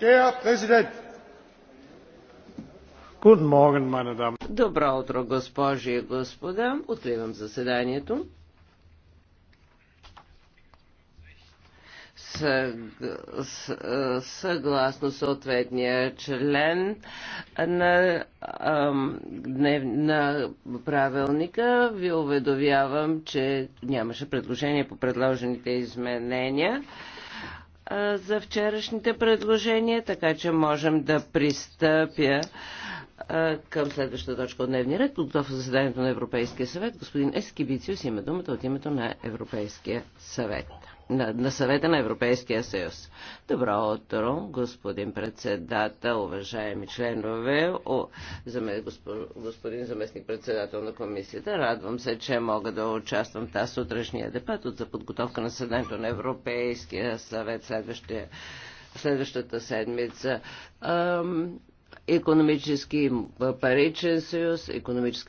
Herr Präsident. Guten Morgen, meine Damen. Добро утро, госпожи и господа. Откривам заседанието. съгласно съответния член на, днев, на правилника ви уведовявам, че нямаше предложение по предложените изменения за вчерашните предложения, така че можем да пристъпя към следващата точка от дневния ред. Подготовка заседанието на Европейския съвет. Господин Бициус има думата от името на Европейския съвет. На, на съвета на Европейския съюз. Добро утро, господин председател, уважаеми членове, о, заме, госпо, господин заместник председател на комисията. Радвам се, че мога да участвам в тази сутрешния дебат от за подготовка на съдането на Европейския съвет следващия, следващата седмица. Ам економически паричен съюз, економически